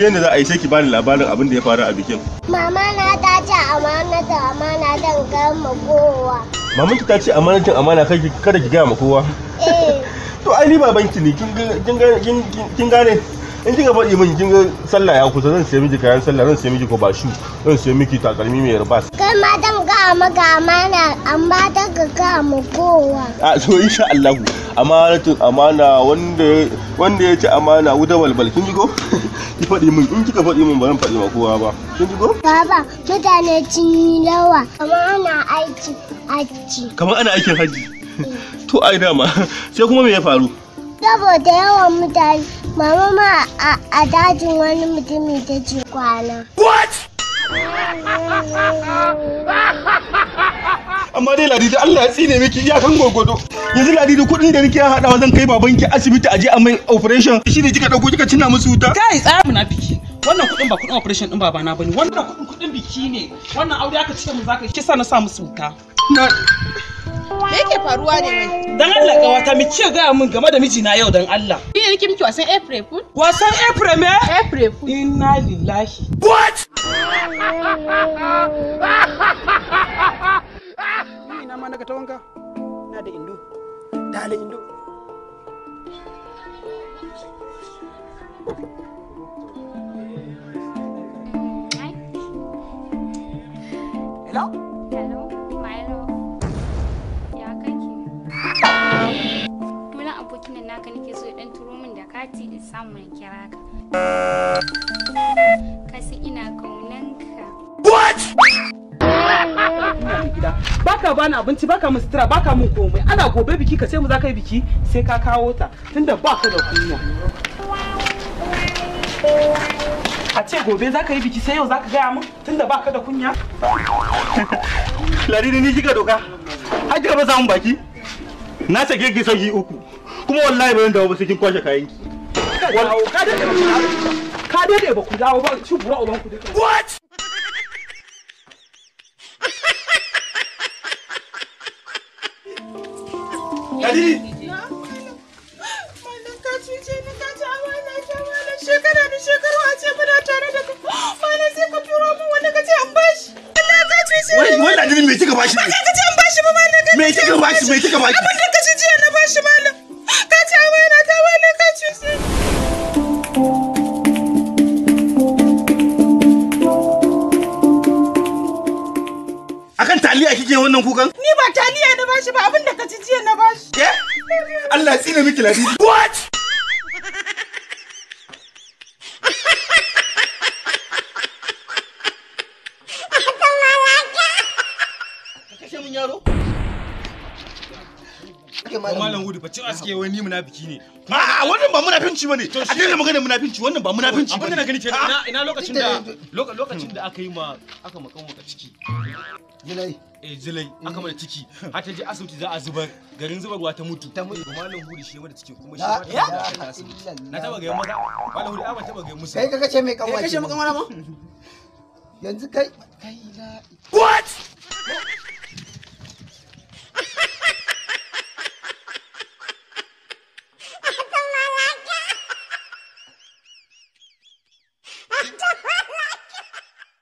yadda za a yi sai ki bani labarin abin da ya faru a bikin. Mama na ta ce amana da amana zan gama ma kowa. Maman ki ta ce amana cin amana kada ki gaya ma kowa. Eh. To ai ni baban ki ne kin gane in kika faɗi min kin ga sallah ya kusa zan sayi miki kayan sallah zan sayi miki bashu zan sayi miki takalmi mai rubas. Kai ma zan gaya amana amma ta ka gaya ma kowa. A so insha Allah. tun amana wanda wanda ya ci amana wuta balbal kin ji ko ki faɗi min in kika faɗi min ba zan faɗi ma kowa ba kin ji ko baba mutane cin lawa kamar ana aiki haji kamar ana aikin haji to ai dama sai kuma me ya faru saboda yawan mutane mama ma a dajin wani mutumi ta ce kwana what amma dai ladidi Allah ya tsine miki iyakan gogodo yanzu ladidi kuɗin da nake wa zan kai babanki asibiti aje a mai operation shi ne kika ɗauko kika cinna musu wuta kai tsaya munafiki wannan kuɗin ba kuɗin operation ɗin babana bane wannan kuɗin kuɗin biki ne wannan aure aka cika mu zaka kisa na sa musu wuta me yake faruwa ne mai dan Allah wata mi ce ga mun game da na yau dan Allah ni ne nake miki wasan April Fool wasan April me April Fool inna lillahi what na ka tawanka na da indo dale indo naka nake so dan turo min da kati in samu na kira ka. Kasi ina kaunanka. What? baka bani abinci baka mu sutura baka min komai ana gobe biki ka sai mu za ka yi biki sai ka kawo ta tunda ka da kunya a ce gobe za ka yi biki sai yau za ka gaya min tunda ka da kunya lariri ni kika doka har kika ba samun baki na sake ki sauki uku kuma wallahi ba zan dawo ba sai kin kwashe kayan ki ka dade ba ku dawo ba shi bura uban ku what Kadiri. Malam ka cuce ni ka ci amana ta malam shekara da shekaru a ce muna tare da ka. Malam sai ka turo min wanda ka ce an bashi. Allah ka cuce ni. Wai wai Kadiri me kika bashi? Ba ka ce an bashi ba malam. Me kika bashi? Me kika bashi? Abin da kan taliya kike wannan kukan? Ni ba taliya na bashi ba abinda ka ci jiya na bashi. Ke? Allah ya tsine miki ladidi. What? malam wani ne a wannan ba munafinci a daina wannan ba abin da na gani ina lokacin da lokacin da aka yi ma aka makan ciki Jilai. Eh jilai ciki hmm. har ta je asibiti za a zubar garin zubarwa ta mutu. Ta mutu. Malam Hudi shi mata ciki kuma shi ma ta asibiti. Na taba ga maza Malam Hudi taba ga musu. Kai ka kace mai Kai kace mai ma. Yanzu kai kai la. What?